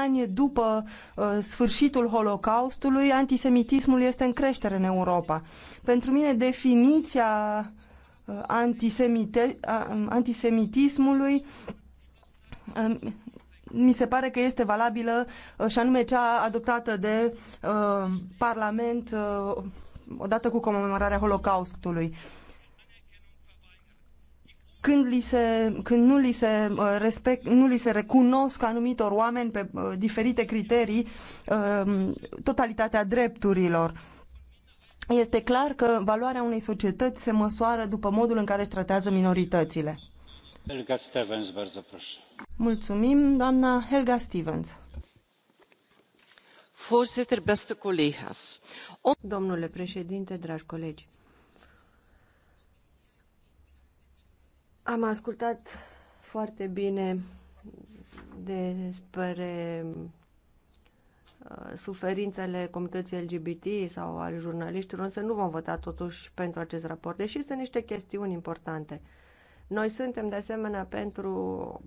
ani după uh, sfârșitul Holocaustului, antisemitismul este în creștere în Europa. Pentru mine, definiția uh, antisemite, uh, antisemitismului uh, mi se pare că este valabilă uh, și anume cea adoptată de uh, Parlament uh, odată cu comemorarea Holocaustului. Uh, când, li se, când nu, li se uh, respect, nu li se recunosc anumitor oameni pe uh, diferite criterii um, totalitatea drepturilor. Este clar că valoarea unei societăți se măsoară după modul în care își tratează minoritățile. Helga Stevens, bardzo proszę. Mulțumim, doamna Helga Stevens. Voorzitter, beste collega's. Domnule președinte, dragi colegi, Am ascultat foarte bine despre uh, suferințele comunității LGBT sau al jurnaliștilor, însă nu vom vota totuși pentru acest raport, deși sunt niște chestiuni importante. Noi suntem de asemenea pentru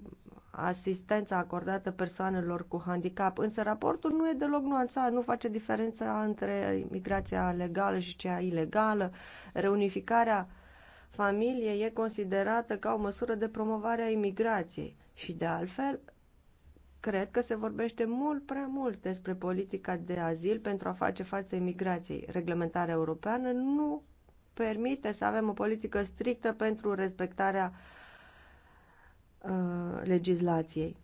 asistența acordată persoanelor cu handicap, însă raportul nu e deloc nuanțat, nu face diferența între migrația legală și cea ilegală, reunificarea uh, familie e considerată ca o măsură de promovare a imigrației și, de altfel, cred că se vorbește mult prea mult despre politica de azil pentru a face față imigrației. Reglementarea europeană nu permite să avem o politică strictă pentru respectarea uh, legislației.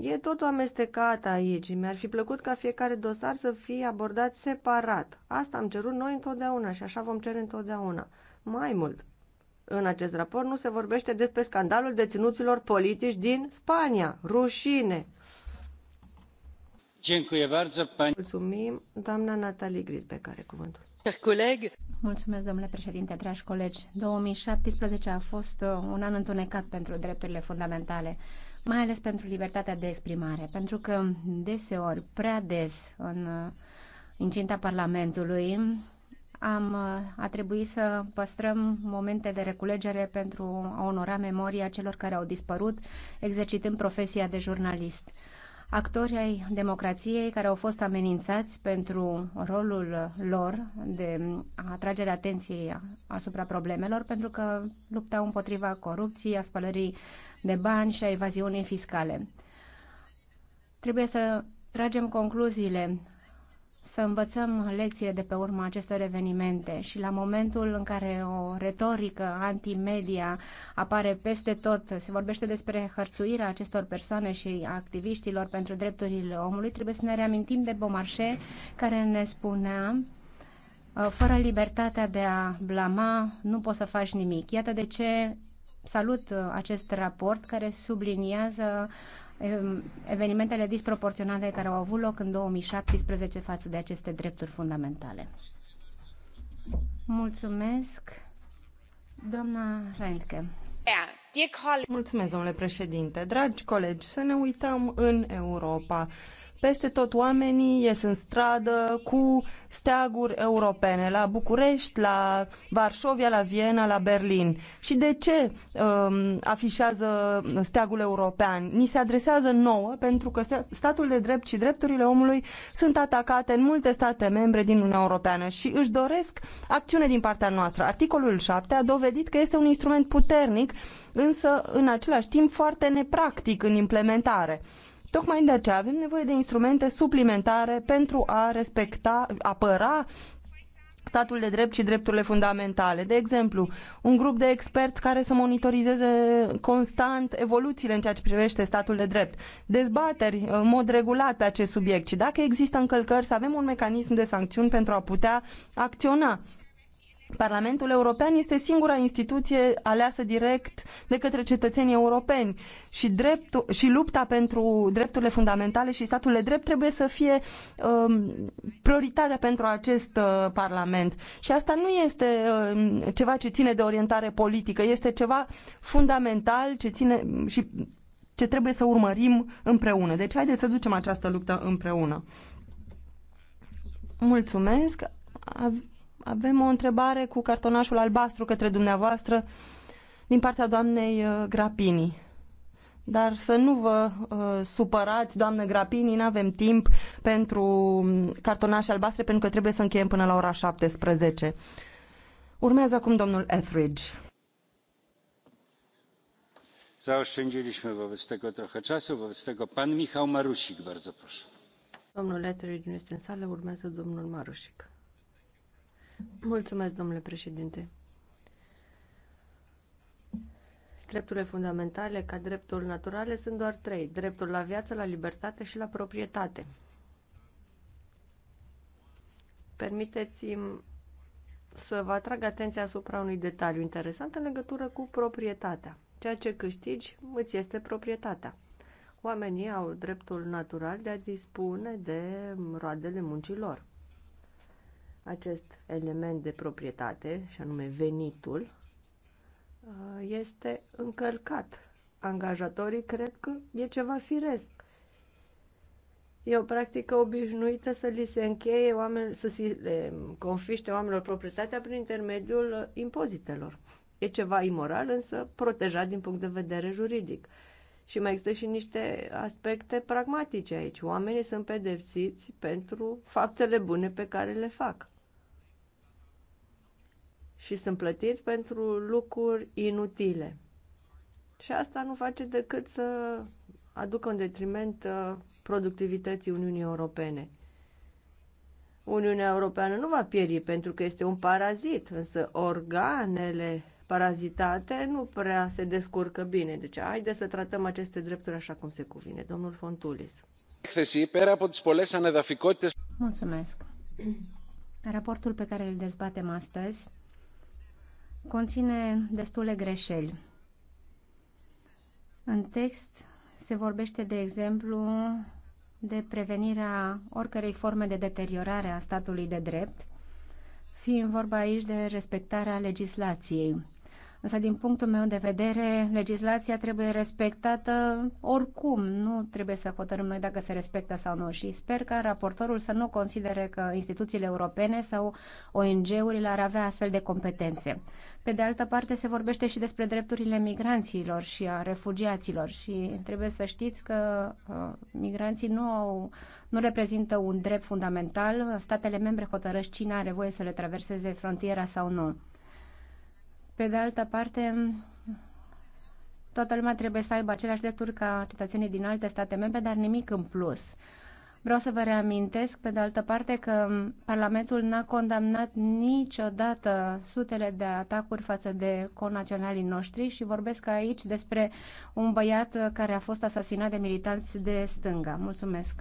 E totul amestecat aici. Mi-ar fi plăcut ca fiecare dosar să fie abordat separat. Asta am cerut noi întotdeauna și așa vom cere întotdeauna. Mai mult, în acest raport nu se vorbește despre scandalul deținuților politici din Spania. Rușine! Mulțumim, doamna Natalie Grisbeck are cuvântul. Coleg. Mulțumesc, domnule președinte, dragi colegi. 2017 a fost uh, un an întunecat pentru drepturile fundamentale, mai ales pentru libertatea de exprimare, pentru că deseori, prea des, în uh, incinta Parlamentului, am, uh, a trebuit să păstrăm momente de reculegere pentru a onora memoria celor care au dispărut, exercitând profesia de jurnalist. Actorii ai democrației care au fost amenințați pentru rolul lor de a atrage atenției asupra problemelor, pentru că luptau împotriva corupției, a spălării de bani și a evaziunii fiscale. Trebuie să tragem concluziile să învățăm lecțiile de pe urma acestor evenimente și la momentul în care o retorică antimedia apare peste tot, se vorbește despre hărțuirea acestor persoane și activiștilor pentru drepturile omului, trebuie să ne reamintim de Bomarșe care ne spunea ă, fără libertatea de a blama, nu poți să faci nimic. Iată de ce salut ă, acest raport care subliniază evenimentele disproporționale care au avut loc în 2017 față de aceste drepturi fundamentale. Mulțumesc, doamna Reintke. Mulțumesc, domnule președinte. Dragi colegi, să ne uităm în Europa. Peste tot oamenii ies în stradă cu steaguri europene, la București, la Varșovia, la Viena, la Berlin. Și de ce um, afișează steagul european? Ni se adresează nouă pentru că statul de drept și drepturile omului sunt atacate în multe state membre din Uniunea Europeană și își doresc acțiune din partea noastră. Articolul 7 a dovedit că este un instrument puternic, însă în același timp foarte nepractic în implementare. Tocmai de aceea avem nevoie de instrumente suplimentare pentru a respecta, apăra statul de drept și drepturile fundamentale. De exemplu, un grup de experți care să monitorizeze constant evoluțiile în ceea ce privește statul de drept. Dezbateri uh, în mod regulat pe acest subiect și dacă există încălcări să avem un mecanism de sancțiuni pentru a putea acționa. Parlamentul European este singura instituție aleasă direct de către cetățenii europeni și, dreptul, și lupta pentru drepturile fundamentale și statul de drept trebuie să fie um, prioritatea pentru acest uh, Parlament. Și asta nu este um, ceva ce ține de orientare politică, este ceva fundamental ce ține și ce trebuie să urmărim împreună. Deci haideți să ducem această luptă împreună. Mulțumesc. Avem o întrebare cu cartonașul albastru către dumneavoastră din partea doamnei uh, Grapini. Dar să nu vă uh, supărați, doamnă Grapini, nu avem timp pentru um, cartonașe albastre, pentru că trebuie să încheiem până la ora 17. Urmează acum domnul Etheridge. Zaoszczędziliśmy wobec tego trochę czasu, wobec tego pan Michał Marusik, bardzo proszę. Domnul Etheridge nu este în sală, urmează domnul Marusik Mulțumesc, domnule președinte. Drepturile fundamentale, ca drepturi naturale, sunt doar trei. Dreptul la viață, la libertate și la proprietate. Permiteți-mi să vă atrag atenția asupra unui detaliu interesant în legătură cu proprietatea. Ceea ce câștigi îți este proprietatea. Oamenii au dreptul natural de a dispune de roadele muncilor acest element de proprietate, și anume venitul, uh, este încălcat. Angajatorii cred că e ceva firesc. E o practică obișnuită să li se încheie oameni, să se le confiște oamenilor proprietatea prin intermediul uh, impozitelor. E ceva imoral, însă protejat din punct de vedere juridic. Și mai există și niște aspecte pragmatice aici. Oamenii sunt pedepsiți pentru faptele bune pe care le fac și sunt plătiți pentru lucruri inutile. Și asta nu face decât să aducă în detriment uh, productivității Uniunii Europene. Uniunea Europeană nu va pieri pentru că este un parazit, însă organele parazitate nu prea se descurcă bine. Deci haide să tratăm aceste drepturi așa cum se cuvine. Domnul Fontulis. Mulțumesc. Raportul pe care îl dezbatem astăzi conține destule greșeli. În text se vorbește, de exemplu, de prevenirea oricărei forme de deteriorare a statului de drept, fiind vorba aici de respectarea legislației. Însă, din punctul meu de vedere, legislația trebuie respectată oricum. Nu trebuie să hotărâm noi dacă se respectă sau nu. Și sper ca raportorul să nu considere că instituțiile europene sau ONG-urile ar avea astfel de competențe. Pe de altă parte, se vorbește și despre drepturile migranților și a refugiaților și trebuie să știți că uh, migranții nu, au, nu reprezintă un drept fundamental. Statele membre hotărăsc cine are voie să le traverseze frontiera sau nu. Pe de altă parte, toată lumea trebuie să aibă aceleași drepturi ca cetățenii din alte state membre, dar nimic în plus. Vreau să vă reamintesc, pe de altă parte, că Parlamentul n-a condamnat niciodată sutele de atacuri față de conaționalii noștri și vorbesc aici despre un băiat care a fost asasinat de militanți de stânga. Mulțumesc.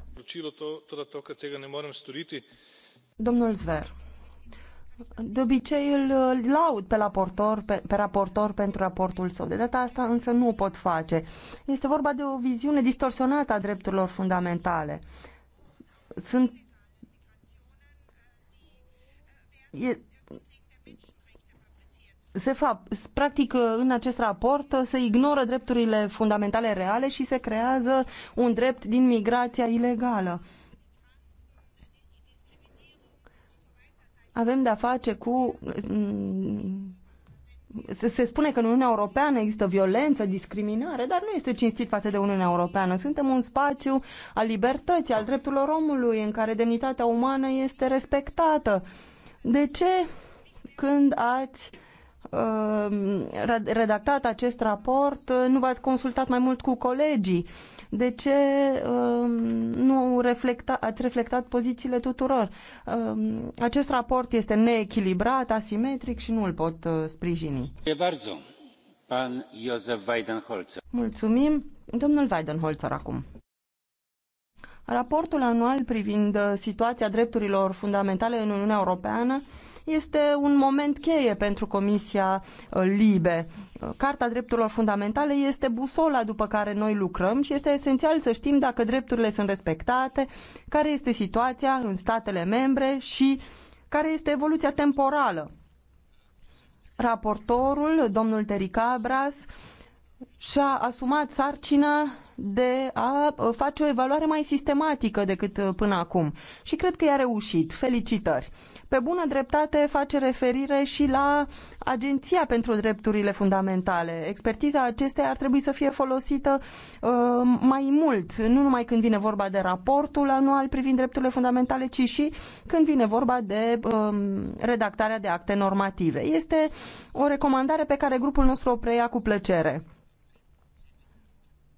Domnul Zver de obicei îl laud pe raportor, pe, pe raportor pentru raportul său. De data asta însă nu o pot face. Este vorba de o viziune distorsionată a drepturilor fundamentale. Sunt e, se fac, practic în acest raport se ignoră drepturile fundamentale reale și se creează un drept din migrația ilegală. avem de-a face cu... Mm, se, se spune că în Uniunea Europeană există violență, discriminare, dar nu este cinstit față de Uniunea Europeană. Suntem un spațiu al libertății, al drepturilor omului, în care demnitatea umană este respectată. De ce când ați uh, redactat acest raport, uh, nu v-ați consultat mai mult cu colegii? Uh, de ce um, nu reflecta, ați reflectat pozițiile tuturor? Um, acest raport este neechilibrat, asimetric și nu îl pot uh, sprijini. Mulțumim. Domnul Weidenholzer acum. Raportul anual privind uh, situația drepturilor fundamentale în Uniunea Europeană este un moment cheie pentru Comisia uh, Libe. Uh, Carta Drepturilor Fundamentale este busola după care noi lucrăm și este esențial să știm dacă drepturile sunt respectate, care este situația în statele membre și care este evoluția temporală. Raportorul, domnul Tericabras, și-a asumat sarcina de a uh, face o evaluare mai sistematică decât uh, până acum. Și cred că i-a reușit. Felicitări! Pe bună dreptate face referire și la Agenția pentru Drepturile Fundamentale. Expertiza acesteia ar trebui să fie folosită uh, mai mult, nu numai când vine vorba de raportul anual privind drepturile fundamentale, ci și când vine vorba de uh, redactarea de acte normative. Este o recomandare pe care grupul nostru o preia cu plăcere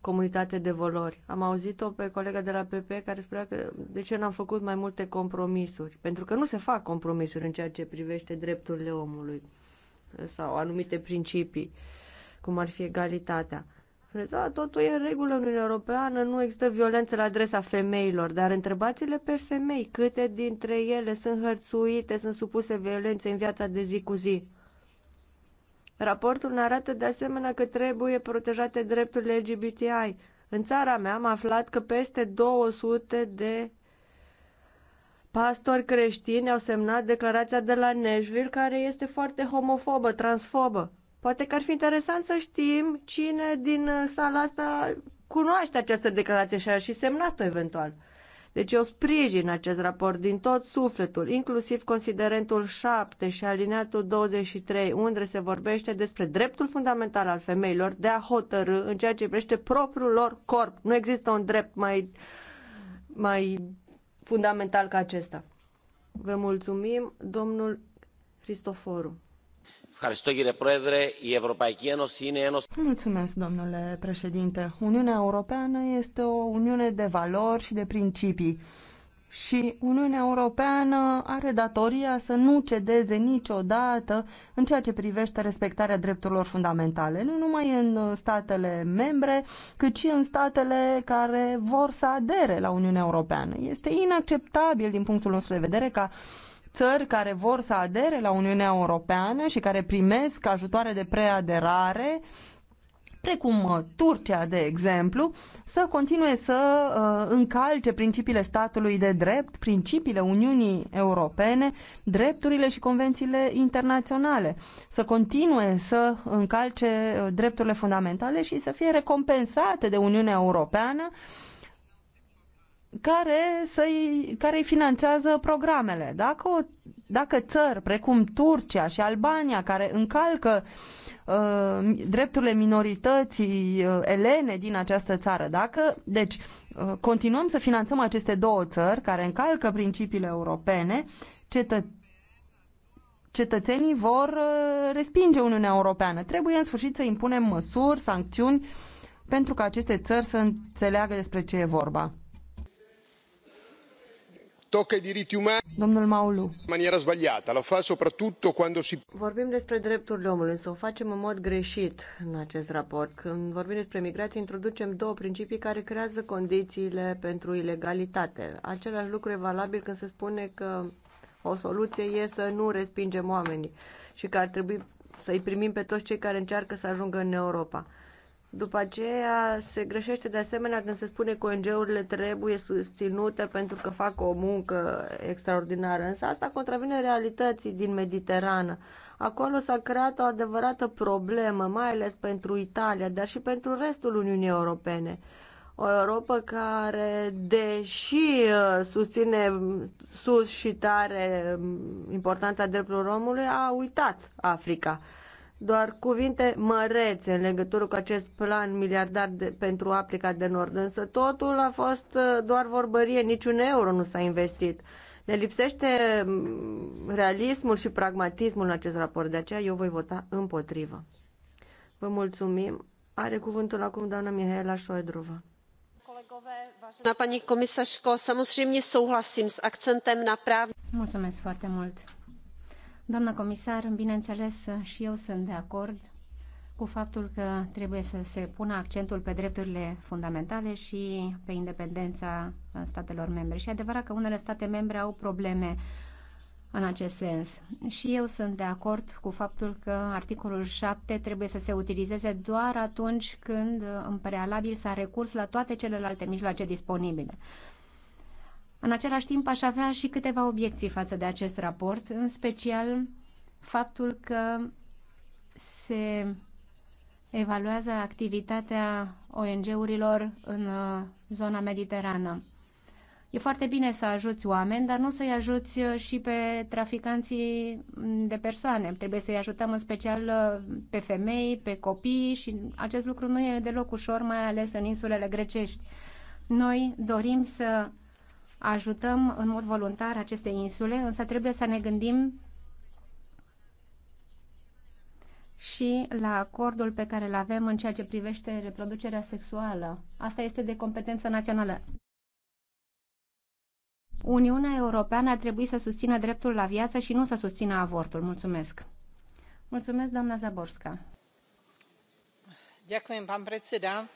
comunitate de valori. Am auzit-o pe colega de la PP care spunea că de ce n-am făcut mai multe compromisuri, pentru că nu se fac compromisuri în ceea ce privește drepturile omului sau anumite principii, cum ar fi egalitatea. Da, totul e în regulă în Uniunea Europeană, nu există violență la adresa femeilor, dar întrebați-le pe femei câte dintre ele sunt hărțuite, sunt supuse violențe în viața de zi cu zi. Raportul ne arată de asemenea că trebuie protejate drepturile LGBTI. În țara mea am aflat că peste 200 de pastori creștini au semnat declarația de la Nashville, care este foarte homofobă, transfobă. Poate că ar fi interesant să știm cine din sala asta cunoaște această declarație și a și semnat-o eventual. Deci eu sprijin acest raport din tot sufletul, inclusiv considerentul 7 și alineatul 23, unde se vorbește despre dreptul fundamental al femeilor de a hotărâ în ceea ce privește propriul lor corp. Nu există un drept mai, mai fundamental ca acesta. Vă mulțumim, domnul Cristoforu. Mulțumesc, domnule președinte. Uniunea Europeană este o uniune de valori și de principii. Și Uniunea Europeană are datoria să nu cedeze niciodată în ceea ce privește respectarea drepturilor fundamentale, nu numai în statele membre, cât și în statele care vor să adere la Uniunea Europeană. Este inacceptabil din punctul nostru de vedere ca țări care vor să adere la Uniunea Europeană și care primesc ajutoare de preaderare precum uh, Turcia, de exemplu, să continue să uh, încalce principiile statului de drept, principiile Uniunii Europene, drepturile și convențiile internaționale, să continue să încalce uh, drepturile fundamentale și să fie recompensate de Uniunea Europeană uh, care, să-i, care îi finanțează programele. Dacă, o, dacă țări precum Turcia și Albania, care încalcă uh, drepturile minorității uh, elene din această țară, dacă, deci, uh, continuăm să finanțăm aceste două țări care încalcă principiile europene, cetă, cetățenii vor uh, respinge Uniunea Europeană. Trebuie, în sfârșit, să impunem măsuri, sancțiuni pentru ca aceste țări să înțeleagă despre ce e vorba tocca i diritti umani Domnul Maulu. in maniera sbagliata, lo fa soprattutto quando si... Vorbim despre drepturile omului, însă o facem în mod greșit în acest raport. Când vorbim despre migrație, introducem două principii care creează condițiile pentru ilegalitate. Același lucru e valabil când se spune că o soluție e să nu respingem oamenii și că ar trebui să-i primim pe toți cei care încearcă să ajungă în Europa. După aceea se greșește de asemenea când se spune că ONG-urile trebuie susținute pentru că fac o muncă extraordinară, însă asta contravine realității din Mediterană. Acolo s-a creat o adevărată problemă, mai ales pentru Italia, dar și pentru restul Uniunii Europene. O Europa care, deși uh, susține sus și tare um, importanța drepturilor omului, a uitat Africa doar cuvinte mărețe în legătură cu acest plan miliardar de, pentru Africa de Nord, însă totul a fost uh, doar vorbărie, niciun euro nu s-a investit. Ne lipsește mm, realismul și pragmatismul în acest raport, de aceea eu voi vota împotrivă. Vă mulțumim. Are cuvântul acum doamna Mihaela Șoedrova. Na paní komisařko, samozřejmě souhlasím s akcentem na právě. Mulțumesc foarte mult. Doamna comisar, bineînțeles, și eu sunt de acord cu faptul că trebuie să se pună accentul pe drepturile fundamentale și pe independența statelor membre. Și adevărat că unele state membre au probleme în acest sens. Și eu sunt de acord cu faptul că articolul 7 trebuie să se utilizeze doar atunci când în prealabil s-a recurs la toate celelalte mijloace disponibile. În același timp, aș avea și câteva obiecții față de acest raport, în special faptul că se evaluează activitatea ONG-urilor în uh, zona mediterană. E foarte bine să ajuți oameni, dar nu să-i ajuți uh, și pe traficanții mm, de persoane. Trebuie să-i ajutăm în special uh, pe femei, pe copii și acest lucru nu e deloc ușor, mai ales în insulele grecești. Noi dorim să ajutăm în mod voluntar aceste insule, însă trebuie să ne gândim și la acordul pe care îl avem în ceea ce privește reproducerea sexuală. Asta este de competență națională. Uniunea Europeană ar trebui să susțină dreptul la viață și nu să susțină avortul. Mulțumesc. Mulțumesc, doamna Zaborska. Mulțumesc, doamna predseda.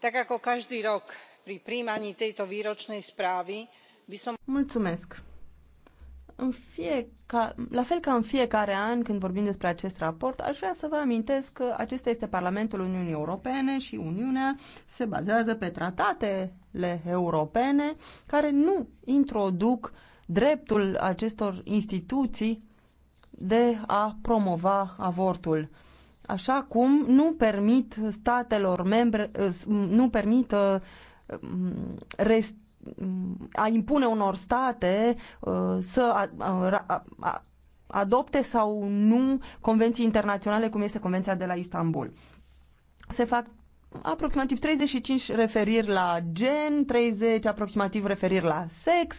Tak ako každý rok pri tejto výročnej správy by som... Mulțumesc! În La fel ca în fiecare an când vorbim despre acest raport, aș vrea să vă amintesc că acesta este Parlamentul Uniunii Europene și Uniunea se bazează pe tratatele europene care nu introduc dreptul acestor instituții de a promova avortul așa cum nu permit statelor membre, nu permit rest, a impune unor state uh, să adopte sau nu convenții internaționale, cum este Convenția de la Istanbul. Se fac aproximativ 35 referiri la gen, 30 aproximativ referiri la sex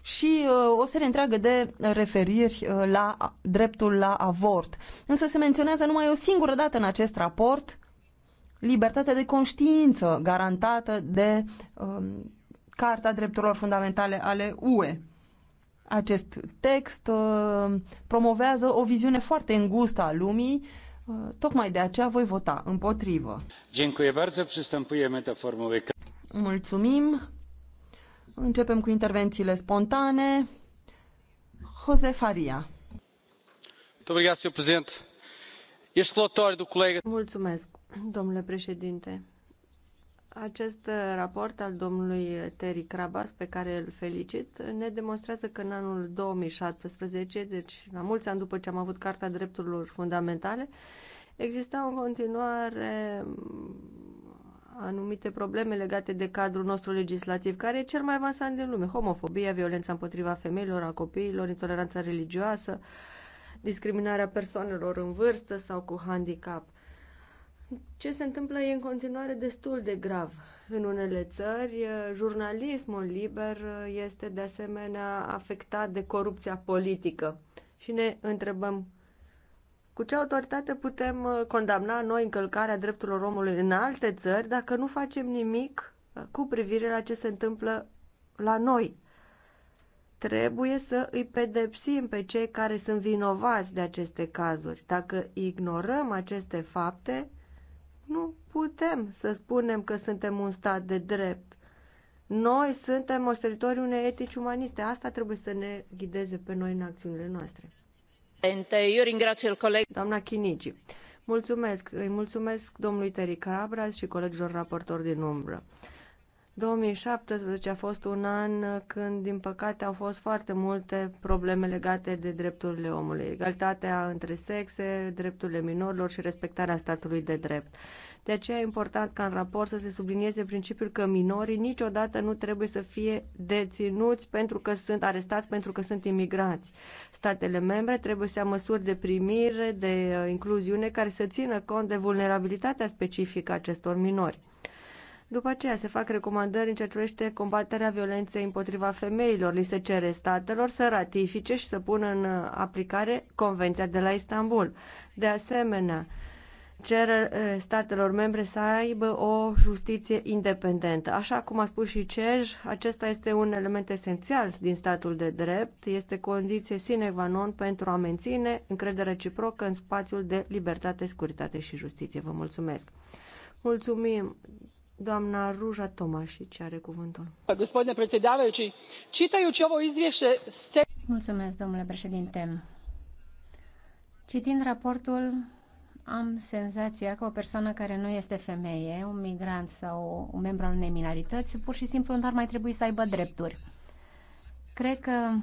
și uh, o serie întreagă de referiri uh, la dreptul la avort. Însă se menționează numai o singură dată în acest raport libertatea de conștiință garantată de um, Carta Drepturilor Fundamentale ale UE. Acest text uh, promovează o viziune foarte îngustă a lumii, uh, tocmai de aceea voi vota împotrivă. Mulțumim. Începem cu intervențiile spontane. Jose Faria. Mulțumesc, Domnule președinte, acest raport al domnului Terry Crabas, pe care îl felicit, ne demonstrează că în anul 2017, deci la mulți ani după ce am avut Carta Drepturilor Fundamentale, existau în continuare anumite probleme legate de cadrul nostru legislativ, care e cel mai avansat din lume. Homofobia, violența împotriva femeilor, a copiilor, intoleranța religioasă, discriminarea persoanelor în vârstă sau cu handicap. Ce se întâmplă e în continuare destul de grav. În unele țări, eh, jurnalismul liber eh, este de asemenea afectat de corupția politică. Și ne întrebăm cu ce autoritate putem eh, condamna noi încălcarea drepturilor omului în alte țări dacă nu facem nimic cu privire la ce se întâmplă la noi? Trebuie să îi pedepsim pe cei care sunt vinovați de aceste cazuri. Dacă ignorăm aceste fapte, nu putem să spunem că suntem un stat de drept. Noi suntem moșteritorii unei etici umaniste. Asta trebuie să ne ghideze pe noi în acțiunile noastre. Eu ringrazio il coleg. Doamna Chinici, mulțumesc. Îi mulțumesc domnului Terry Cabras și colegilor raportori din umbră. 2017 a fost un an când, din păcate, au fost foarte multe probleme legate de drepturile omului, egalitatea între sexe, drepturile minorilor și respectarea statului de drept. De aceea e important ca în raport să se sublinieze principiul că minorii niciodată nu trebuie să fie deținuți pentru că sunt arestați, pentru că sunt imigranți. Statele membre trebuie să ia măsuri de primire, de uh, incluziune, care să țină cont de vulnerabilitatea specifică a acestor minori. După aceea se fac recomandări în ceea ce privește combaterea violenței împotriva femeilor. Li se cere statelor să ratifice și să pună în aplicare Convenția de la Istanbul. De asemenea, cer eh, statelor membre să aibă o justiție independentă. Așa cum a spus și CEJ, acesta este un element esențial din statul de drept, este condiție sine qua non pentru a menține încredere reciprocă în spațiul de libertate, securitate și justiție. Vă mulțumesc! Mulțumim, gospodine predsjedavajući čitajući are izvješće domnule președinte citind raportul am senzația că o persoană care nu este femeie un migrant sau un membru al unei minorități pur și simplu nu ar mai trebui să aibă drepturi cred că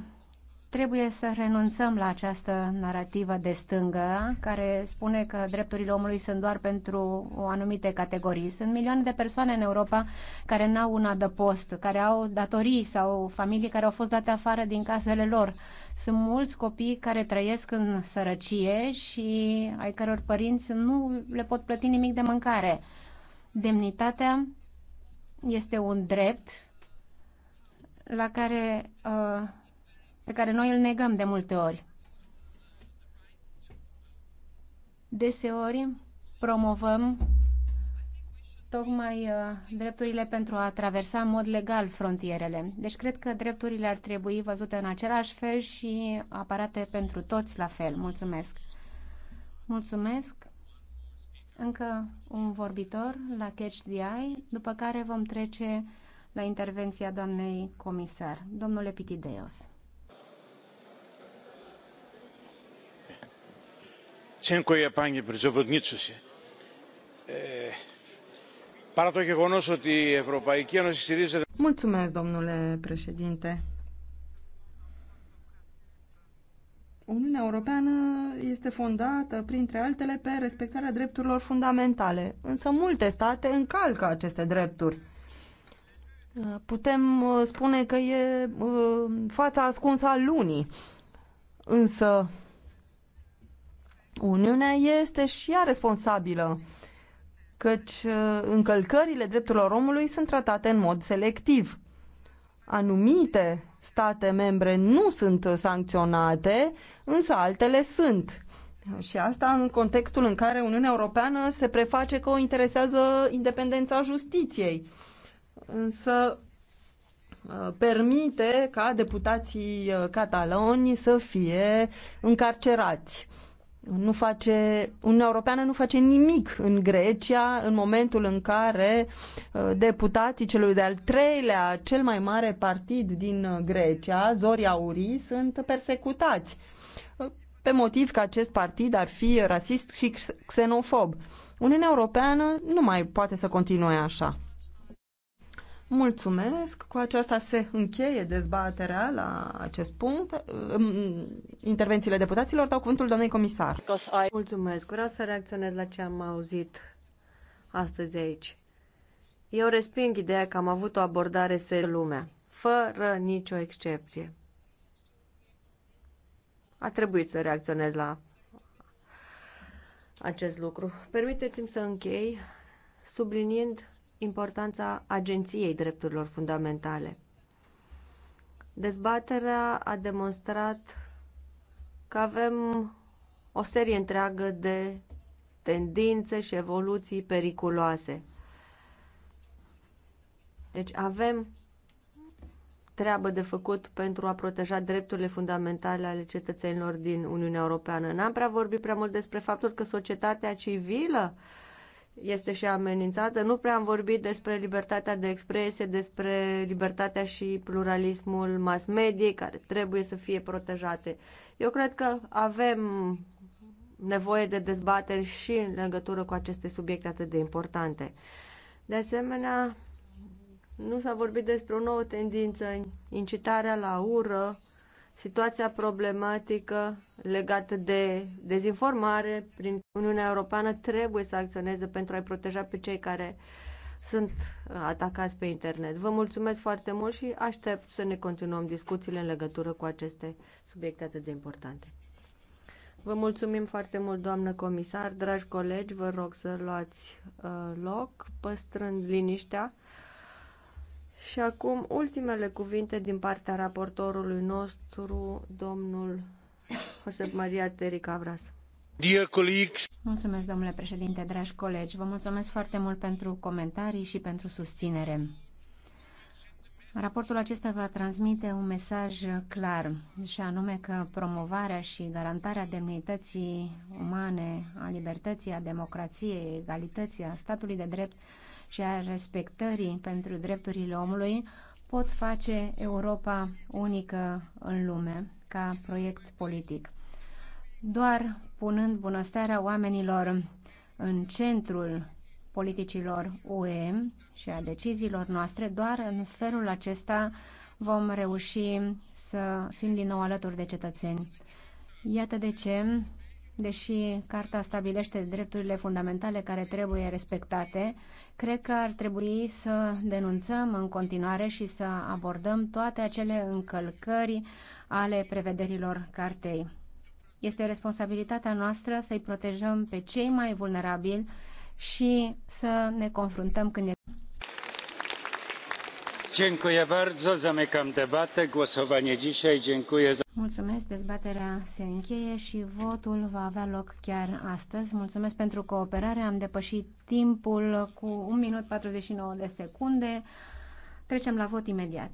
Trebuie să renunțăm la această narrativă de stângă care spune că drepturile omului sunt doar pentru o anumite categorii. Sunt milioane de persoane în Europa care n-au un adăpost, care au datorii sau familii care au fost date afară din casele lor. Sunt mulți copii care trăiesc în sărăcie și ai căror părinți nu le pot plăti nimic de mâncare. Demnitatea este un drept la care uh, pe care noi îl negăm de multe ori. Deseori promovăm tocmai uh, drepturile pentru a traversa în mod legal frontierele. Deci cred că drepturile ar trebui văzute în același fel și aparate pentru toți la fel. Mulțumesc! Mulțumesc! Încă un vorbitor la Catch the Eye, după care vom trece la intervenția doamnei comisar, domnule Pitideos. panie przewodniczący! domnule președinte uniunea europeană este fondată printre altele pe respectarea drepturilor fundamentale însă multe state încalcă aceste drepturi. Putem uh, spune că e uh, fața ascunsă a lunii, însă Uniunea este și ea responsabilă, căci uh, încălcările drepturilor omului sunt tratate în mod selectiv. Anumite state membre nu sunt sancționate, însă altele sunt. Și asta în contextul în care Uniunea Europeană se preface că o interesează independența justiției. Însă uh, permite ca deputații uh, cataloni să fie încarcerați. Nu face, Uniunea Europeană nu face nimic în Grecia în momentul în care uh, deputații celui de-al treilea, cel mai mare partid din uh, Grecia, Zori Aurii, sunt persecutați uh, pe motiv că acest partid ar fi rasist și xenofob. Uniunea Europeană nu mai poate să continue așa. Mulțumesc. Cu aceasta se încheie dezbaterea la acest punct. Intervențiile deputaților dau cuvântul doamnei comisar. Mulțumesc. Vreau să reacționez la ce am auzit astăzi aici. Eu resping ideea că am avut o abordare să lumea, fără nicio excepție. A trebuit să reacționez la acest lucru. Permiteți-mi să închei subliniind importanța Agenției Drepturilor Fundamentale. Dezbaterea a demonstrat că avem o serie întreagă de tendințe și evoluții periculoase. Deci avem treabă de făcut pentru a proteja drepturile fundamentale ale cetățenilor din Uniunea Europeană. N-am prea vorbit prea mult despre faptul că societatea civilă uh, este și amenințată. Nu prea am vorbit despre libertatea de expresie, despre libertatea și pluralismul mass media care trebuie să fie protejate. Eu cred că avem nevoie de dezbateri și în legătură cu aceste subiecte atât de importante. De asemenea, nu s-a vorbit despre o nouă tendință, incitarea la ură, situația problematică legată de dezinformare prin Uniunea Europeană trebuie să acționeze pentru a-i proteja pe cei care sunt uh, atacați pe internet. Vă mulțumesc foarte mult și aștept să ne continuăm discuțiile în legătură cu aceste subiecte atât de importante. Vă mulțumim foarte mult, doamnă comisar, dragi colegi, vă rog să luați uh, loc, păstrând liniștea. Și acum ultimele cuvinte din partea raportorului nostru, domnul Josep Maria Teric Avras. Mulțumesc, domnule președinte, dragi colegi. Vă mulțumesc foarte mult pentru comentarii și pentru susținere. Raportul acesta va transmite un mesaj clar, și anume că promovarea și garantarea demnității umane, a libertății, a democrației, egalității, a statului de drept și a respectării pentru drepturile omului pot face Europa unică în lume ca proiect politic. Doar punând bunăstarea oamenilor în centrul politicilor UE și a deciziilor noastre, doar în felul acesta vom reuși să fim din nou alături de cetățeni. Iată de ce deși Carta stabilește drepturile fundamentale care trebuie respectate, cred că ar trebui să denunțăm în continuare și să abordăm toate acele încălcări ale prevederilor Cartei. Este responsabilitatea noastră să-i protejăm pe cei mai vulnerabili și să ne confruntăm când e Mulțumesc, dezbaterea se încheie și votul va avea loc chiar astăzi. Mulțumesc pentru cooperare, am depășit timpul cu 1 minut 49 de secunde. Trecem la vot imediat.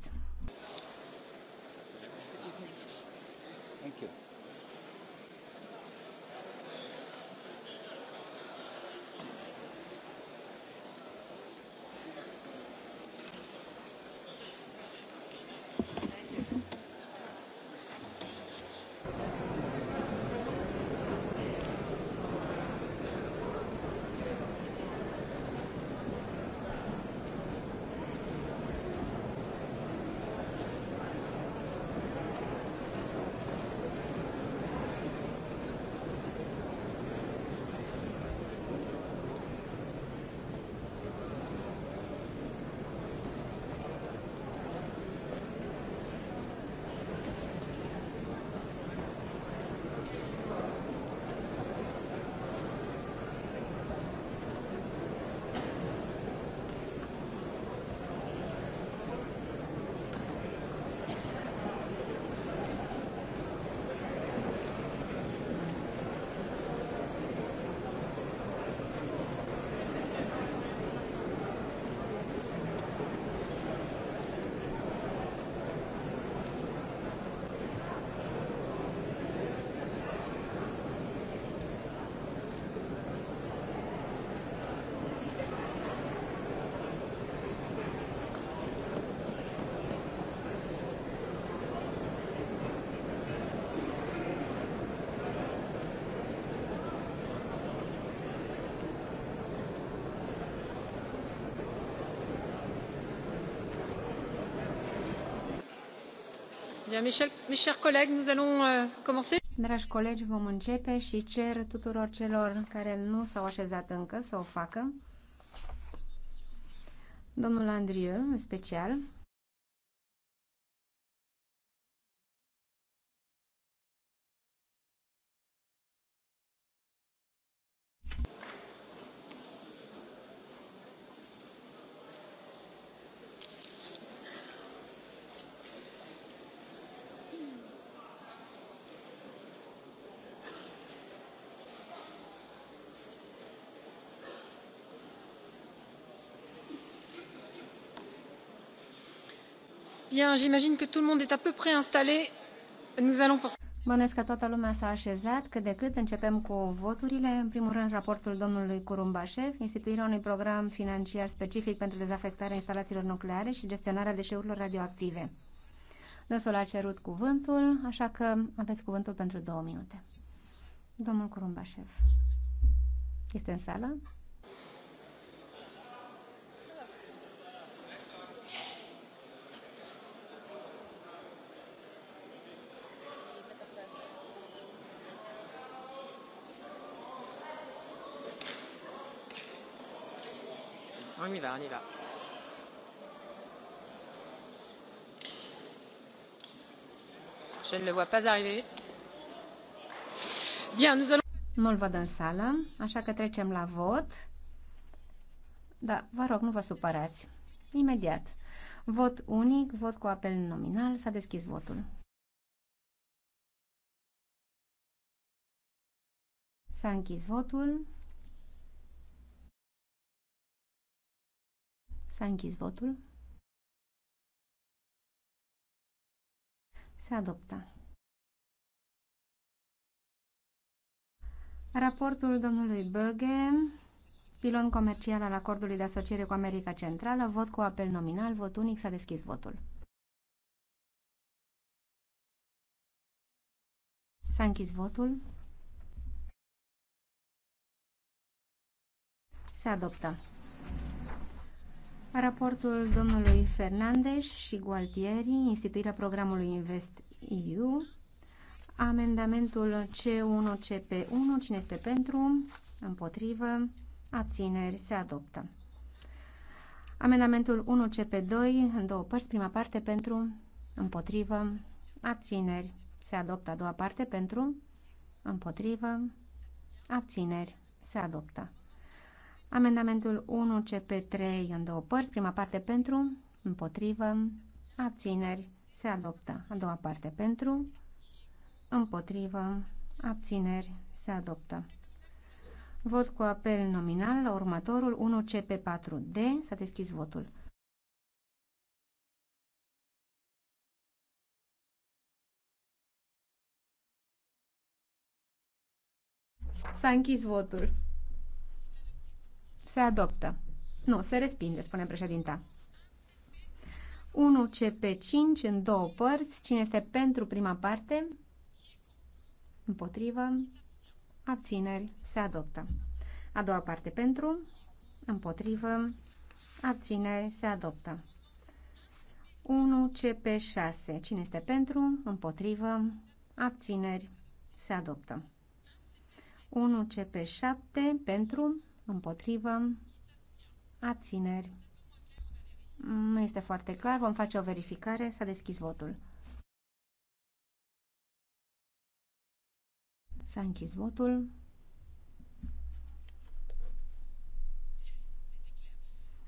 Dragi colegi, vom începe și cer tuturor celor care nu s-au așezat încă să o facă. Domnul Andrieu, în special. j'imagine que tout le monde est à peu près installé. Nous allons pour... Bănuiesc că toată lumea s-a așezat. Cât de cât începem cu voturile. În primul rând, raportul domnului Curumbașev, instituirea unui program financiar specific pentru dezafectarea instalațiilor nucleare și gestionarea deșeurilor radioactive. Dânsul a cerut cuvântul, așa că aveți cuvântul pentru două minute. Domnul Curumbașev. Este în sală? y 아니다. le Nu-l văd în sală, așa că trecem la vot. Da, vă rog, nu vă supărați. Imediat. Vot unic, vot cu apel nominal, s-a deschis votul. S-a închis votul. S-a închis votul. Se adopta Raportul domnului Băghe, pilon comercial al acordului de asociere cu America Centrală, vot cu apel nominal, vot unic, s-a deschis votul. S-a închis votul. Se adoptă. Raportul domnului Fernandez și Gualtieri, instituirea programului Invest EU, amendamentul C1CP1, cine este pentru, împotrivă, abțineri, se adoptă. Amendamentul 1CP2, în două părți, prima parte pentru, împotrivă, abțineri, se adoptă a doua parte pentru, împotrivă, abțineri, se adoptă. Amendamentul 1 CP3 în două părți, prima parte pentru, împotrivă, abțineri, se adoptă. A doua parte pentru, împotrivă, abțineri, se adoptă. Vot cu apel nominal la următorul 1 CP4D. S-a deschis votul. S-a închis votul. Se adoptă. Nu, se respinge, spune președinta. 1 CP5 în două părți. Cine este pentru prima parte? Împotrivă. Abțineri. Se adoptă. A doua parte pentru. Împotrivă. Abțineri. Se adoptă. 1 CP6. Cine este pentru? Împotrivă. Abțineri. Se adoptă. 1 CP7 pentru împotrivă, abțineri. Nu este foarte clar, vom face o verificare, s-a deschis votul. S-a închis votul.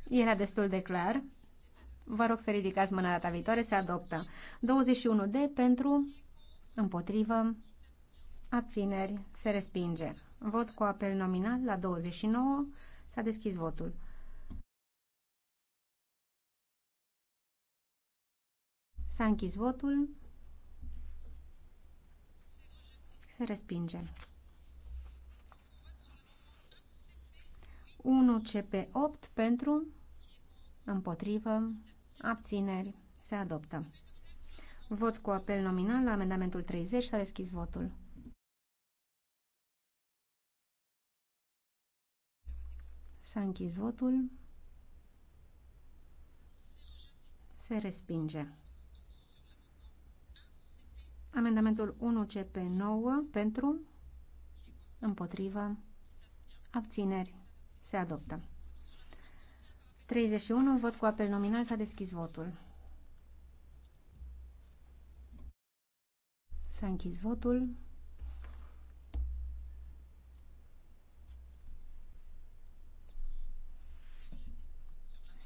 Era destul de clar. Vă rog să ridicați mâna data viitoare, se adoptă. 21 de pentru, împotrivă, abțineri, se respinge. Vot cu apel nominal la 29. S-a deschis votul. S-a închis votul. Se respinge. 1 CP8 pentru, împotrivă, abțineri. Se adoptă. Vot cu apel nominal la amendamentul 30. S-a deschis votul. S-a închis votul. Se respinge. Amendamentul 1CP9 pentru, împotrivă, abțineri, se adoptă. 31. Vot cu apel nominal. S-a deschis votul. S-a închis votul.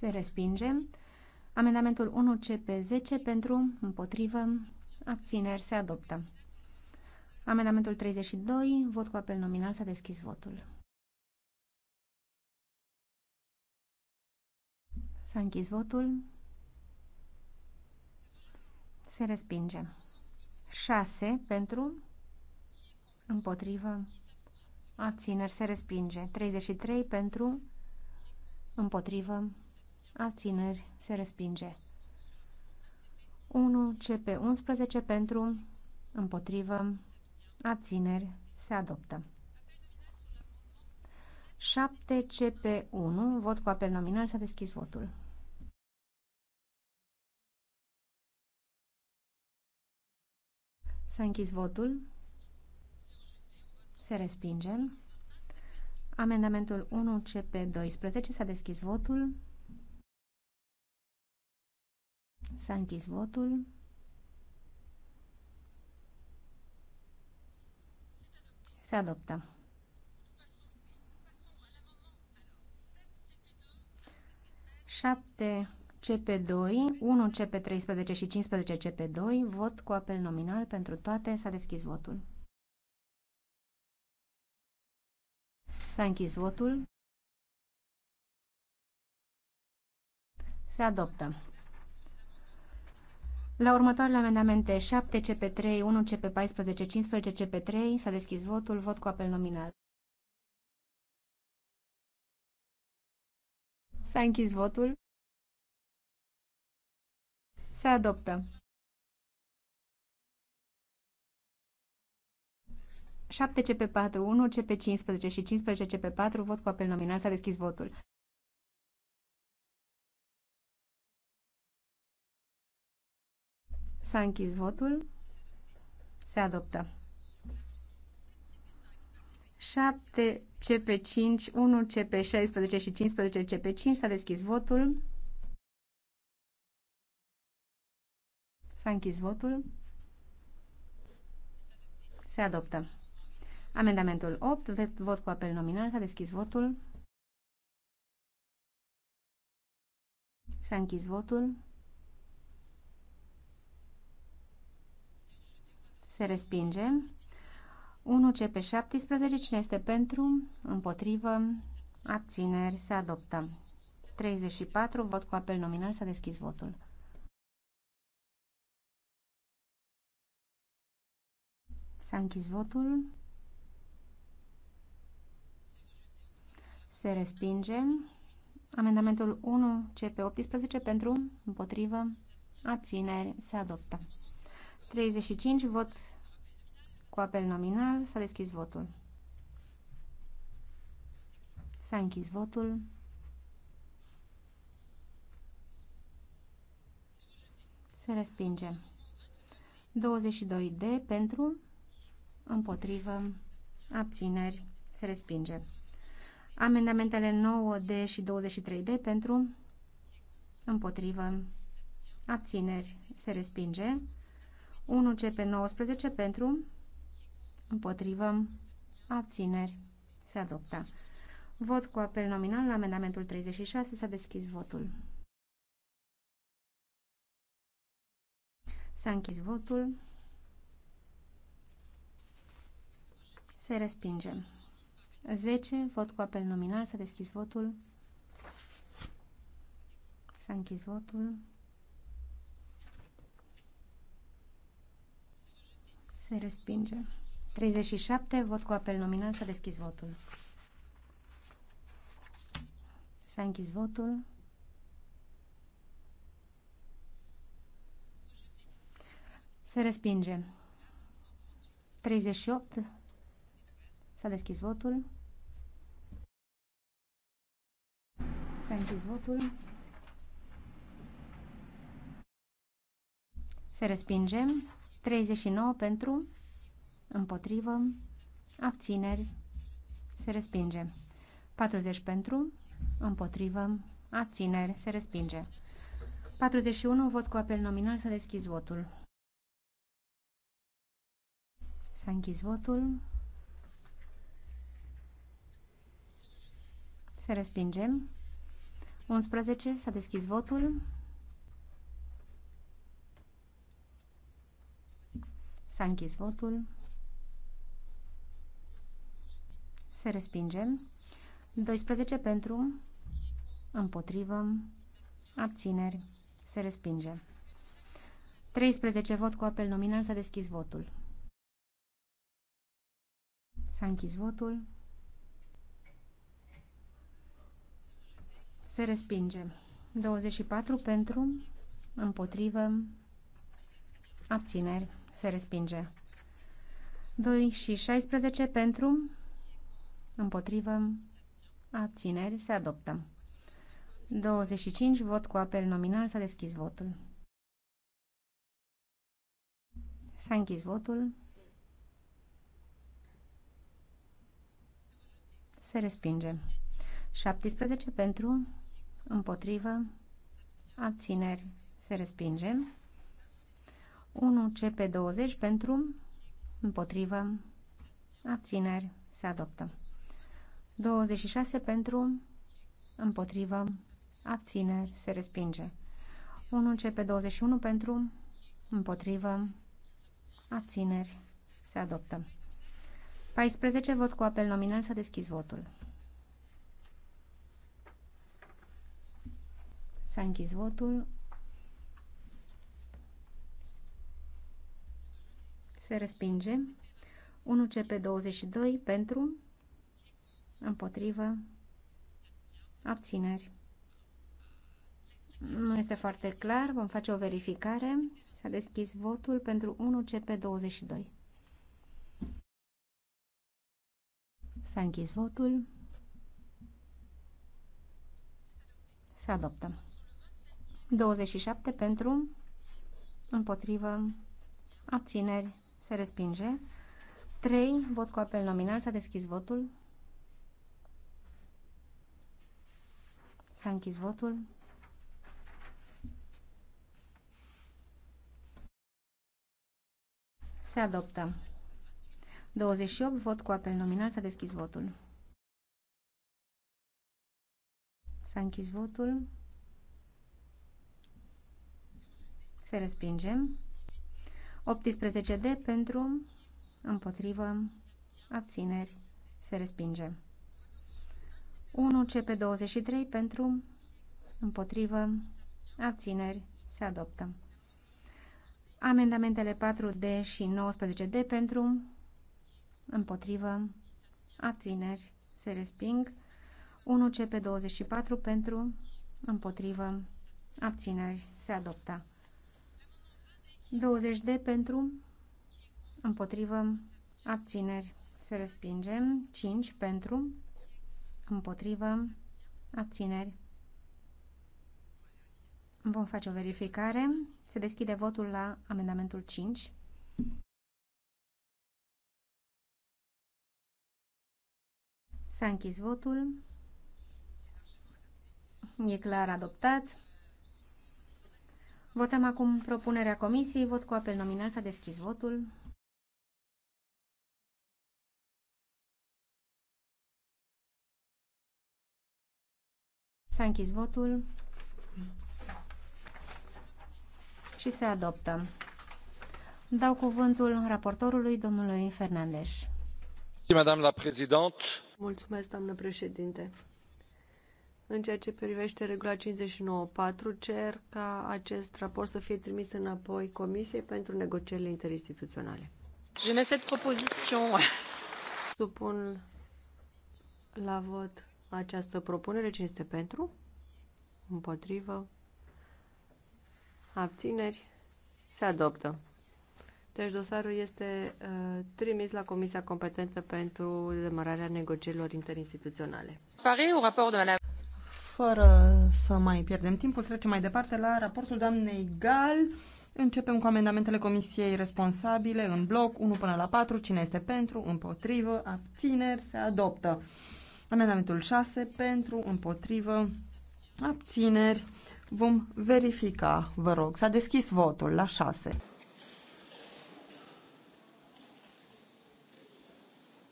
se respinge. Amendamentul 1 CP10 pentru, împotrivă, abțineri se adoptă. Amendamentul 32, vot cu apel nominal, s-a deschis votul. S-a închis votul. Se respinge. 6 pentru, împotrivă, abțineri se respinge. 33 pentru, împotrivă, abțineri, se respinge. 1 CP11 pentru, împotrivă, abțineri, se adoptă. 7 CP1, vot cu apel nominal, s-a deschis votul. S-a închis votul. Se respinge. Amendamentul 1 CP12 s-a deschis votul. S-a închis votul. Se adoptă. Șapte CP2, 1 CP13 și 15 CP2, vot cu apel nominal pentru toate, s-a deschis votul. S-a închis votul. Se adoptă. La următoarele amendamente 7 CP3, 1 CP14, 15 CP3 s-a deschis votul, vot cu apel nominal. S-a închis votul. Se adoptă. 7 CP4, 1 CP15 și 15 CP4, vot cu apel nominal, s-a deschis votul. S-a închis votul. Se adoptă. 7 CP5, 1 CP16 și 15 CP5. S-a deschis votul. S-a închis votul. Se adoptă. Amendamentul 8, vot cu apel nominal, s-a deschis votul. S-a închis votul. se respinge. 1 pe 17 cine este pentru, împotrivă, abțineri, se adoptă. 34, vot cu apel nominal, s-a deschis votul. S-a închis votul. Se respinge. Amendamentul 1 CP18 pentru, împotrivă, abțineri, se adoptă. 35, vot cu apel nominal. S-a deschis votul. S-a închis votul. Se respinge. 22 de pentru, împotrivă, abțineri, se respinge. Amendamentele 9 de și 23 de pentru, împotrivă, abțineri, se respinge. 1CP19 pentru, împotrivă, abțineri, se adoptă. Vot cu apel nominal la amendamentul 36. S-a deschis votul. S-a închis votul. Se respinge. 10. Vot cu apel nominal. S-a deschis votul. S-a închis votul. Se respinge. 37. Vot cu apel nominal. S-a deschis votul. S-a închis votul. Se respinge. 38. S-a deschis votul. S-a închis votul. Se respinge. 39 pentru, împotrivă, abțineri, se respinge. 40 pentru, împotrivă, abțineri, se respinge. 41, vot cu apel nominal, să deschizi votul. S-a închis votul. Se respinge. 11, s-a deschis votul. S-a închis votul. Se respinge. 12 pentru, împotrivă, abțineri, se respinge. 13 vot cu apel nominal s-a deschis votul. S-a închis votul. Se respinge. 24 pentru, împotrivă, abțineri se respinge. 2 și 16 pentru, împotrivă, abțineri, se adoptă. 25, vot cu apel nominal, s-a deschis votul. S-a închis votul. Se respinge. 17 pentru, împotrivă, abțineri, se respinge. 1 CP20 pentru, împotrivă, abțineri, se adoptă. 26 pentru, împotrivă, abțineri, se respinge. 1 CP21 pentru, împotrivă, abțineri, se adoptă. 14 vot cu apel nominal s-a deschis votul. S-a închis votul. se respinge. 1CP22 pentru, împotrivă, abțineri. Nu este foarte clar, vom face o verificare. S-a deschis votul pentru 1CP22. S-a închis votul. Se adoptă. 27 pentru, împotrivă, abțineri se respinge. 3. Vot cu apel nominal. S-a deschis votul. S-a închis votul. Se adoptă. 28. Vot cu apel nominal. S-a deschis votul. S-a închis votul. Se respingem. 18 de pentru, împotrivă, abțineri, se respinge. 1 CP23 pentru, împotrivă, abțineri, se adoptă. Amendamentele 4D și 19D pentru, împotrivă, abțineri, se resping. 1 CP24 pentru, împotrivă, abțineri, se adoptă. 20 de pentru, împotrivă, abțineri, se respinge. 5 pentru, împotrivă, abțineri. Vom face o verificare. Se deschide votul la amendamentul 5. S-a închis votul. E clar adoptat. Votăm acum propunerea comisiei. Vot cu apel nominal. S-a deschis votul. S-a închis votul și se adoptă. Dau cuvântul raportorului, domnului Fernandez. Mulțumesc, doamnă președinte. În ceea ce privește regula 59.4, cer ca acest raport să fie trimis înapoi Comisiei pentru negocierile interinstituționale. Je mets cette proposition. Supun la vot această propunere. Cine este pentru? Împotrivă? Abțineri? Se adoptă. Deci dosarul este uh, trimis la Comisia competentă pentru demararea negocierilor interinstituționale. Pare un raport de la fără să mai pierdem timpul, trecem mai departe la raportul doamnei Gal. Începem cu amendamentele comisiei responsabile în bloc 1 până la 4. Cine este pentru, împotrivă, abțineri, se adoptă. Amendamentul 6 pentru, împotrivă, abțineri. Vom verifica, vă rog. S-a deschis votul la 6.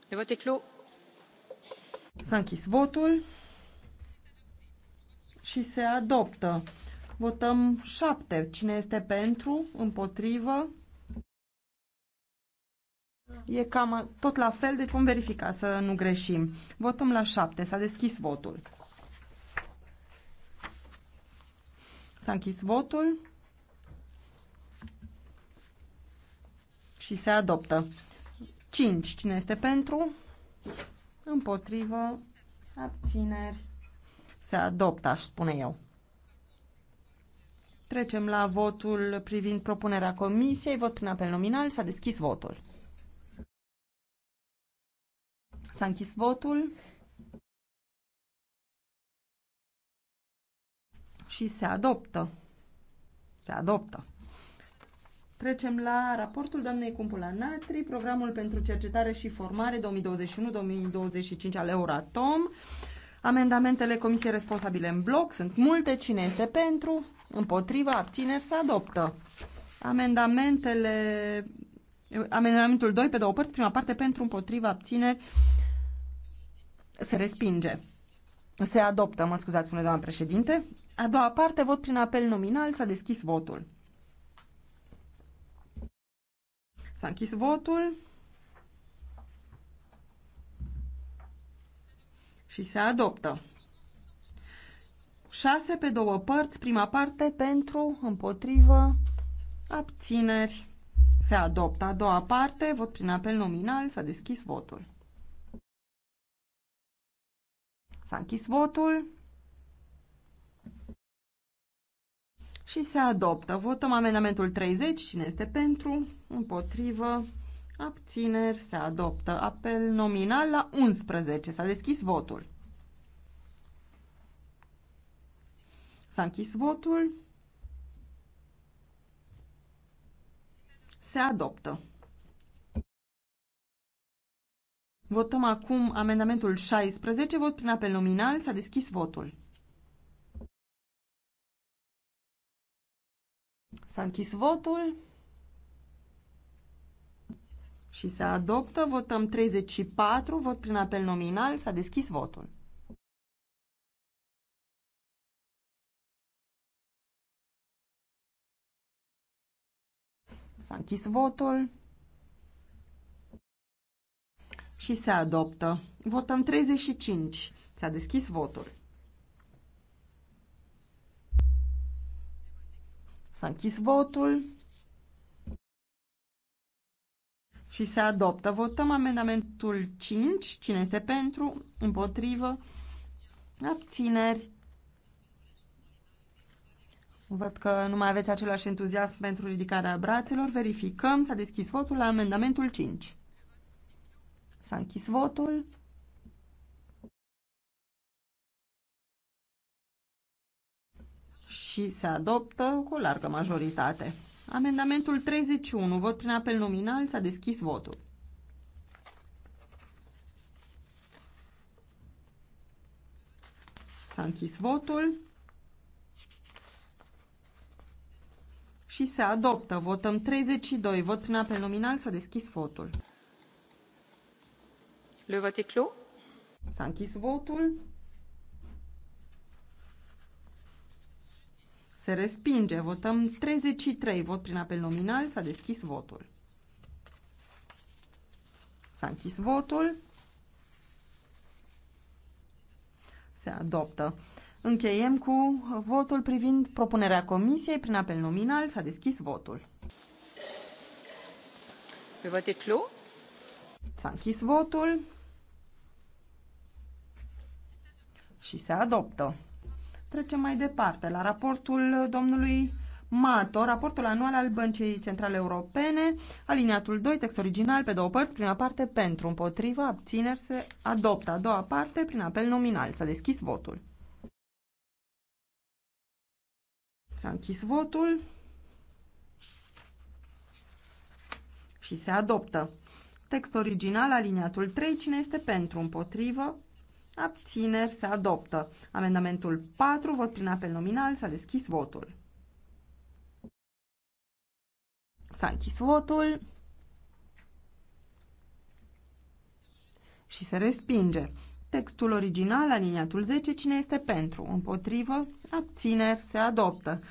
Le vote clos. S-a închis votul și se adoptă. Votăm 7. Cine este pentru? Împotrivă? E cam tot la fel, deci vom verifica să nu greșim. Votăm la 7. S-a deschis votul. S-a închis votul și se adoptă. 5. Cine este pentru? Împotrivă? Abțineri? se adoptă, aș spune eu. Trecem la votul privind propunerea comisiei. Vot prin apel nominal. S-a deschis votul. S-a închis votul. Și se adoptă. Se adoptă. Trecem la raportul doamnei Cumpula Natri, programul pentru cercetare și formare 2021-2025 al Euratom. Amendamentele Comisiei Responsabile în bloc sunt multe. Cine este pentru? Împotriva? Abțineri? Se adoptă. Amendamentele... Amendamentul 2 pe două părți, prima parte pentru, împotriva, abțineri, se respinge. Se adoptă, mă scuzați, spune doamna președinte. A doua parte, vot prin apel nominal, s-a deschis votul. S-a închis votul. și se adoptă. 6 pe două părți, prima parte pentru, împotrivă, abțineri. Se adoptă a doua parte, vot prin apel nominal, s-a deschis votul. S-a închis votul și se adoptă. Votăm amendamentul 30, cine este pentru, împotrivă, Abțineri se adoptă. Apel nominal la 11. S-a deschis votul. S-a închis votul. Se adoptă. Votăm acum amendamentul 16. Vot prin apel nominal. S-a deschis votul. S-a închis votul și se adoptă. Votăm 34, vot prin apel nominal, s-a deschis votul. S-a închis votul și se adoptă. Votăm 35. S-a deschis votul. S-a închis votul și se adoptă. Votăm amendamentul 5. Cine este pentru? Împotrivă? Abțineri? Văd că nu mai aveți același entuziasm pentru ridicarea brațelor. Verificăm. S-a deschis votul la amendamentul 5. S-a închis votul. Și se adoptă cu largă majoritate. Amendamentul 31, vot prin apel nominal, s-a deschis votul. S-a închis votul și se adoptă. Votăm 32, vot prin apel nominal, s-a deschis votul. Le vote clos. S-a închis votul Se respinge. Votăm 33. Vot prin apel nominal. S-a deschis votul. S-a închis votul. Se adoptă. Încheiem cu votul privind propunerea comisiei prin apel nominal. S-a deschis votul. Pe vot e clos. S-a închis votul și se adoptă. Trecem mai departe la raportul domnului Mato, raportul anual al Băncii Centrale Europene, aliniatul 2, text original, pe două părți, prima parte pentru, împotrivă, abțineri, se adoptă a doua parte prin apel nominal. S-a deschis votul. S-a închis votul și se adoptă. Text original, aliniatul 3, cine este pentru, împotrivă, Abțineri se adoptă. Amendamentul 4, vot prin apel nominal, s-a deschis votul. S-a închis votul și se respinge. Textul original, aliniatul 10, cine este pentru? Împotrivă, abțineri, se adoptă.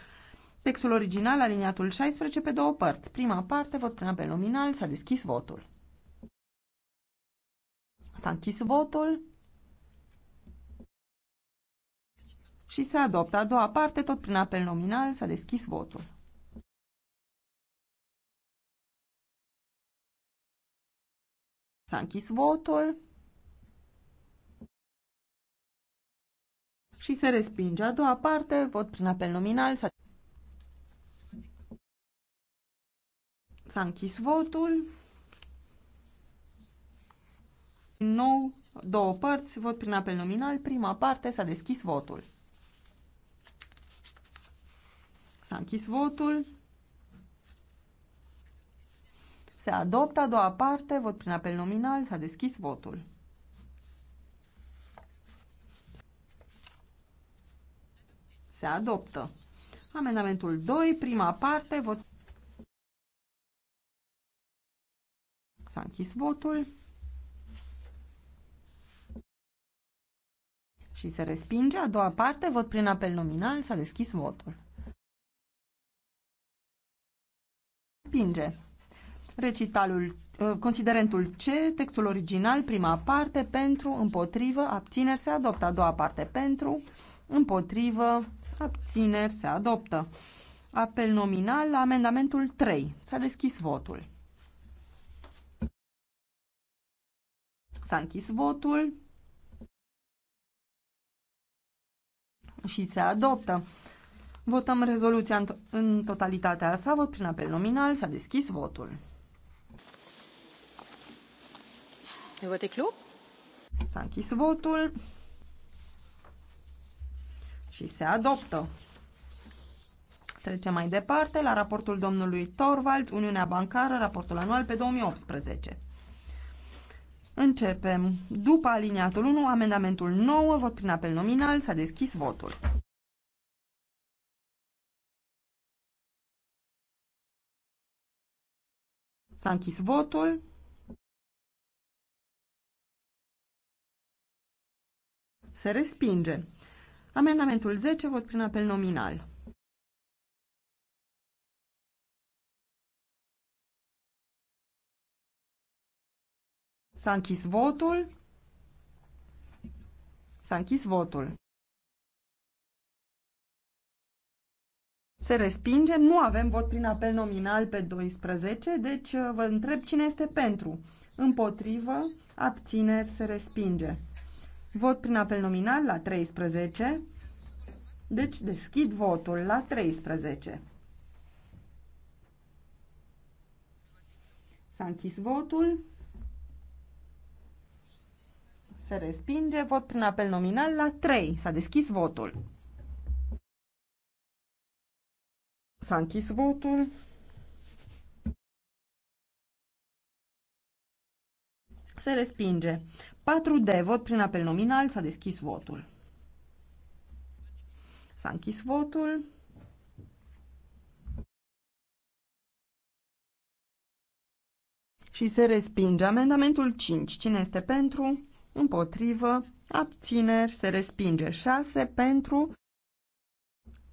Textul original, aliniatul 16, pe două părți. Prima parte, vot prin apel nominal, s-a deschis votul. S-a închis votul și se adoptă. A doua parte, tot prin apel nominal, s-a deschis votul. S-a închis votul și se respinge. A doua parte, vot prin apel nominal, s-a S-a închis votul. Din nou, două părți, vot prin apel nominal. Prima parte s-a deschis votul. S-a închis votul. Se adoptă a doua parte, vot prin apel nominal, s-a deschis votul. Se adoptă. Amendamentul 2, prima parte, vot. S-a închis votul. Și se respinge a doua parte, vot prin apel nominal, s-a deschis votul. respinge. Recitalul, ă, considerentul C, textul original, prima parte, pentru, împotrivă, abțineri, se adoptă. A doua parte, pentru, împotrivă, abțineri, se adoptă. Apel nominal la amendamentul 3. S-a deschis votul. S-a închis votul și se adoptă. Votăm rezoluția în, în totalitatea sa. Vot prin apel nominal. S-a deschis votul. S-a închis votul și se adoptă. Trecem mai departe la raportul domnului Torvald, Uniunea Bancară, raportul anual pe 2018. Începem. După aliniatul 1, amendamentul 9, vot prin apel nominal, s-a deschis votul. S-a închis votul. Se respinge. Amendamentul 10, vot prin apel nominal. S-a închis votul. S-a închis votul. Se respinge, nu avem vot prin apel nominal pe 12, deci uh, vă întreb cine este pentru. Împotrivă, abțineri, se respinge. Vot prin apel nominal la 13, deci deschid votul la 13. S-a închis votul. Se respinge. Vot prin apel nominal la 3. S-a deschis votul. S-a închis votul. Se respinge. 4D, vot prin apel nominal, s-a deschis votul. S-a închis votul. Și se respinge amendamentul 5. Cine este pentru? Împotrivă. Abțineri. Se respinge 6 pentru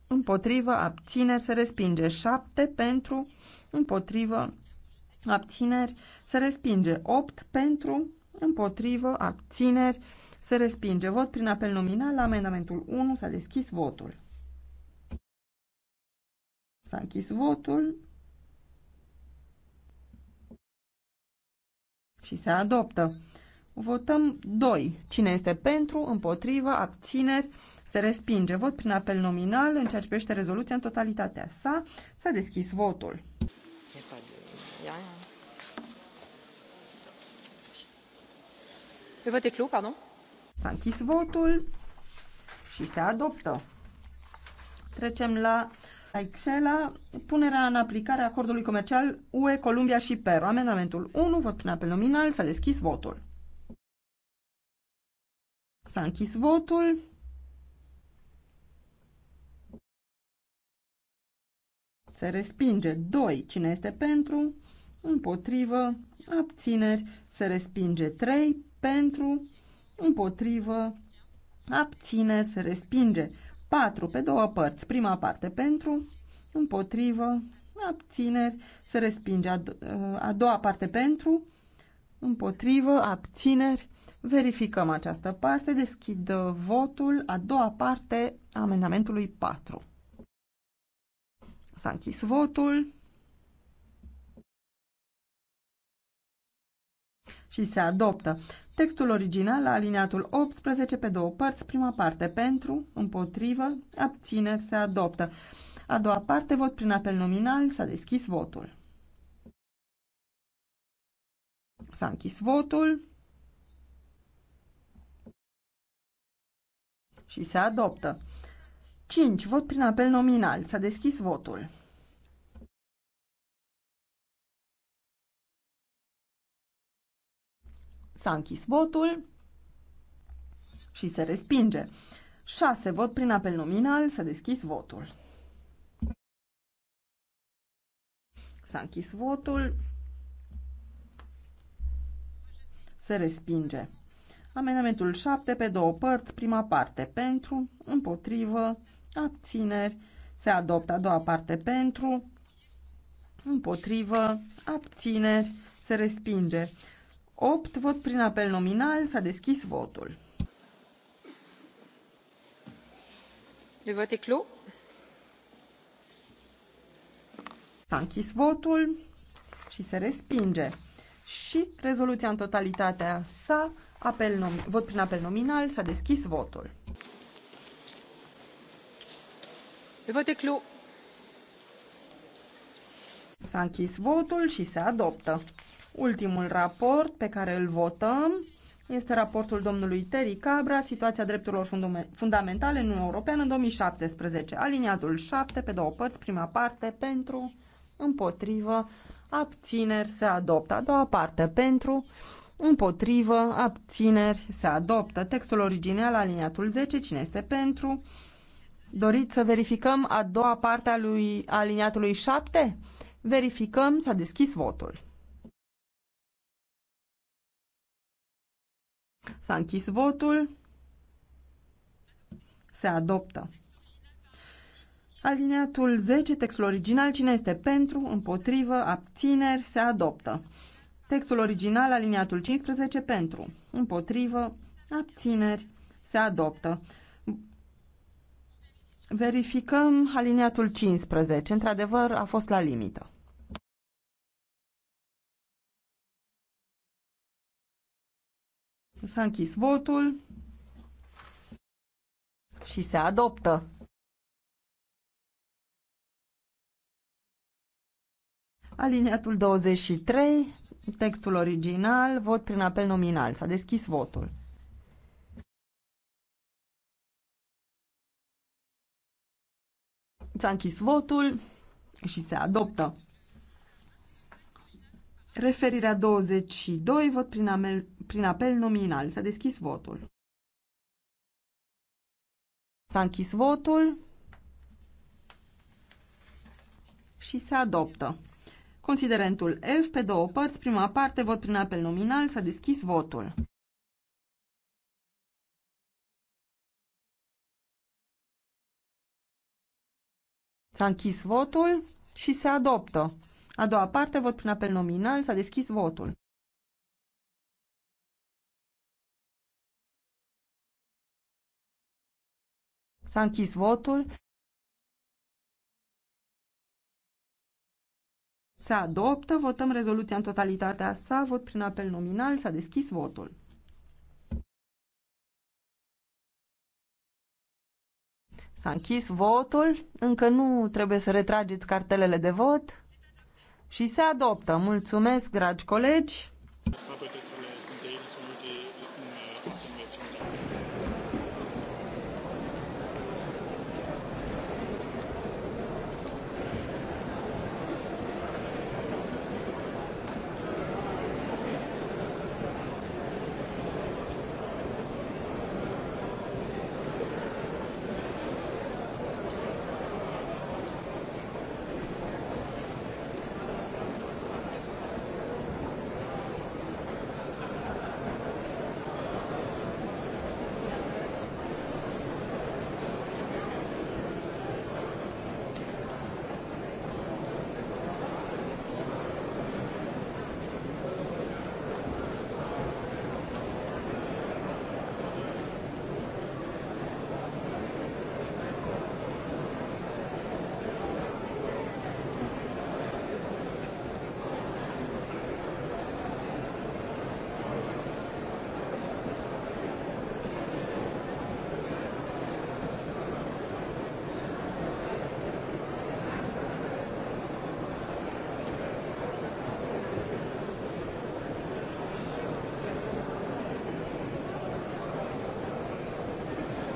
împotrivă, abțineri, se respinge. 7 pentru, împotrivă, abțineri, se respinge. 8 pentru, împotrivă, abțineri, se respinge. Vot prin apel nominal la amendamentul 1. S-a deschis votul. S-a închis votul. Și se adoptă. Votăm 2. Cine este pentru, împotrivă, abțineri, se respinge. Vot prin apel nominal în ceea ce privește rezoluția în totalitatea sa. S-a deschis votul. vot pardon. S-a închis votul și se adoptă. Trecem la Excela punerea în aplicare a acordului comercial UE, Columbia și Peru. Amendamentul 1, vot prin apel nominal, s-a deschis votul. S-a închis votul se respinge. 2. Cine este pentru? Împotrivă, abțineri, se respinge. 3. Pentru, împotrivă, abțineri, se respinge. 4. Pe două părți. Prima parte pentru, împotrivă, abțineri, se respinge. A, a doua parte pentru, împotrivă, abțineri, Verificăm această parte, deschid votul a doua parte a amendamentului 4. S-a închis votul. Și se adoptă. Textul original la alineatul 18 pe două părți, prima parte pentru, împotrivă, abțineri, se adoptă. A doua parte, vot prin apel nominal, s-a deschis votul. S-a închis votul. Și se adoptă. 5. Vot prin apel nominal. S-a deschis votul. S-a închis votul și se respinge. 6. Vot prin apel nominal. S-a deschis votul. S-a închis votul. Se respinge. Amendamentul 7 pe două părți, prima parte pentru, împotrivă, abțineri, se adoptă a doua parte pentru, împotrivă, abțineri, se respinge. 8. Vot prin apel nominal. S-a deschis votul. Le vot e clou. S-a închis votul și se respinge. Și rezoluția în totalitatea sa, apel vot prin apel nominal, s-a deschis votul. S-a închis votul și se adoptă. Ultimul raport pe care îl votăm este raportul domnului Terry Cabra, situația drepturilor fundamentale în Uniunea Europeană în 2017, aliniatul 7 pe două părți, prima parte pentru, împotrivă, abțineri se adoptă, a doua parte pentru, împotrivă, abțineri se adoptă, textul original aliniatul 10, cine este pentru, Doriți să verificăm a doua parte a lui aliniatului 7? Verificăm, s-a deschis votul. S-a închis votul. Se adoptă. Aliniatul 10, textul original, cine este pentru, împotrivă, abțineri, se adoptă. Textul original, aliniatul 15, pentru, împotrivă, abțineri, se adoptă. Verificăm aliniatul 15. Într-adevăr, a fost la limită. S-a închis votul și se adoptă. Aliniatul 23, textul original, vot prin apel nominal. S-a deschis votul. S-a închis votul și se adoptă. Referirea 22, vot prin, amel, prin apel nominal. S-a deschis votul. S-a închis votul și se adoptă. Considerentul F pe două părți, prima parte, vot prin apel nominal, s-a deschis votul. S-a închis votul și se adoptă. A doua parte, vot prin apel nominal, s-a deschis votul. S-a închis votul. Se adoptă, votăm rezoluția în totalitatea sa, vot prin apel nominal, s-a deschis votul. S-a închis votul, încă nu trebuie să retrageți cartelele de vot și se adoptă. Mulțumesc, dragi colegi!